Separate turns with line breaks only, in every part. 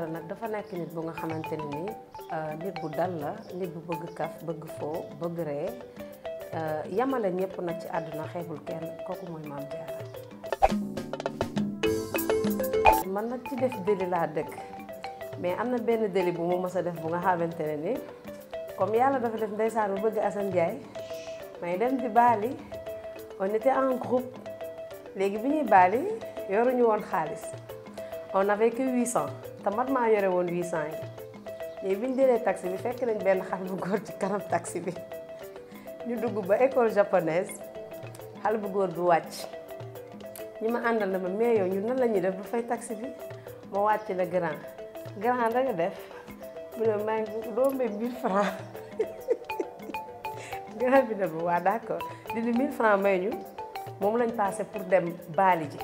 Diarra nag dafa nakk nit bu nga xamante ne ni euh, nit bu dal la nit bu bëgg kaf bëgg foo bëgg ree euh, yamale ñëpp nag ci àdduna xeebul kenn kooku mooy maam Diarra. man nag ci def déli laa dëkk mais am na benn déli bu mu mës a def bu nga xamante ne ni comme yàlla dafa def ndeysaan bu bëgg Assane Ndiaye mais dem di baali on était en groupe léegi bi ñuy baali yoruñu woon xaalis on avait que 800. te man maa yore woon 800 yi mais bi ñu jëlee taxi bi fekk nañ benn xale bu góor ci kanam taxi bi ñu dugg ba école japonaise xale bu góor bi wàcc ñi ma àndal na ma mais yow ñu nan lañuy ñuy def ba fay taxi bi ma wàcc la grand grand da nga def mu ne maa ngi doo may 1000 francs grand bi ne ma waa d'accord di ni 1000 francs may ñu moom lañ passé pour dem baali ji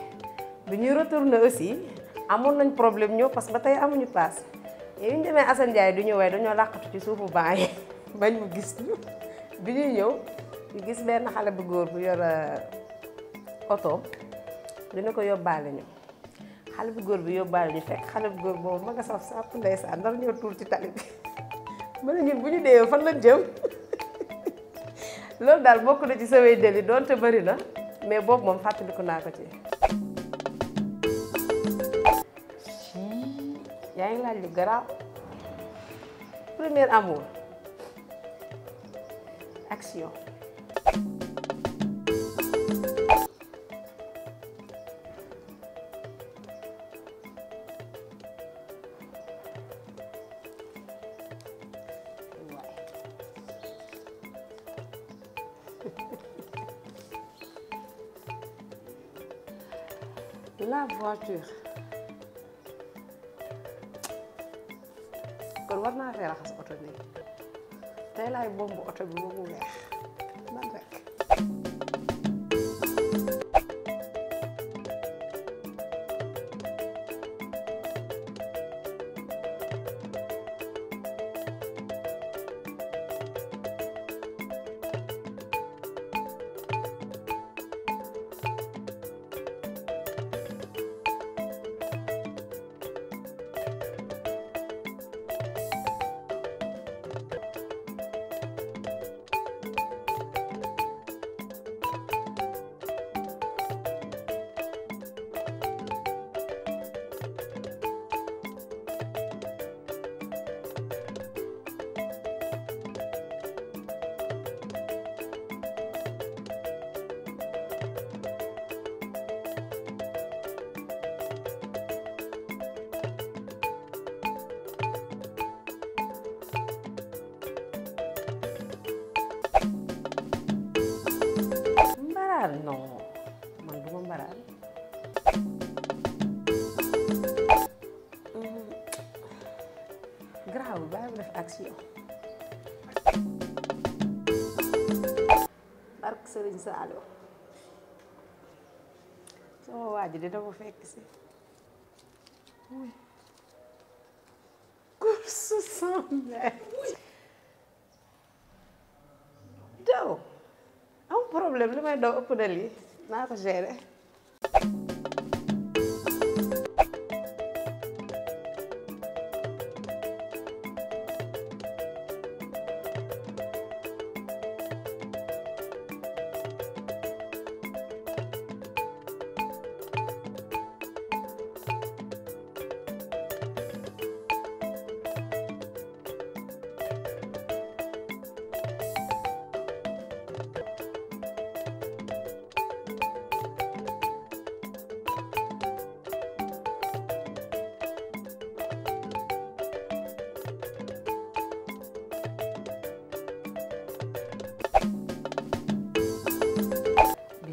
bi ñuy retourné aussi. amon nañ problème ñëw parce que ba tey amuñu place yooyu ñu demee Assane Ndiaye du ñëw waaye dañoo ci suufu baay bañ mu gis ñu bi ñuy ñu gis ben xalé bu goor bu yor auto eh, dina ko yobale ñu xalé bu goor bu yobale ñu fekk xalé bu goor bo ma nga saf sàpp ndeysaan dara ñëw tour ci tali bi ma ne ñun buñu déwé fan lañ jëm lool dal bokku na ci sawé deli donte bari na mais mom fatali ko na ko ci yaa ngi laaj lu premier amour action la voiture war naa teel a raxas oto bi tey laay bomb oto bi ba mu weex. man du ma mbaraan mhm. garaaw bàyyi ma def action bark sëriñ Saaliw sama waa ji di dafa fekk si course sans daw am problème li may daw ëpp na nada Argélia.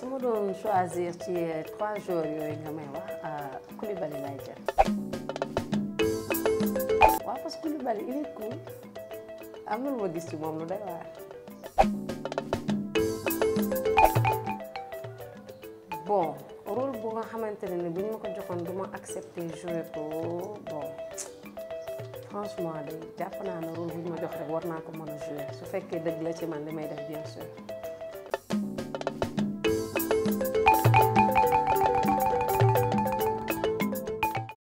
Si je doon choisir trois jours yooyu nga Koulibaly parce que Koulibaly il est cool Il n'y a pas bon rôle nga ni je vais accepter jouer bon franchement de rôle ma jouer su bien sûr